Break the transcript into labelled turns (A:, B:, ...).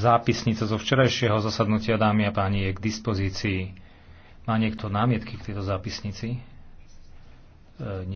A: Zápisnica zo včerajšieho zasadnutia dámy a páni je k dispozícii. Má niekto námietky k tejto zápisnici?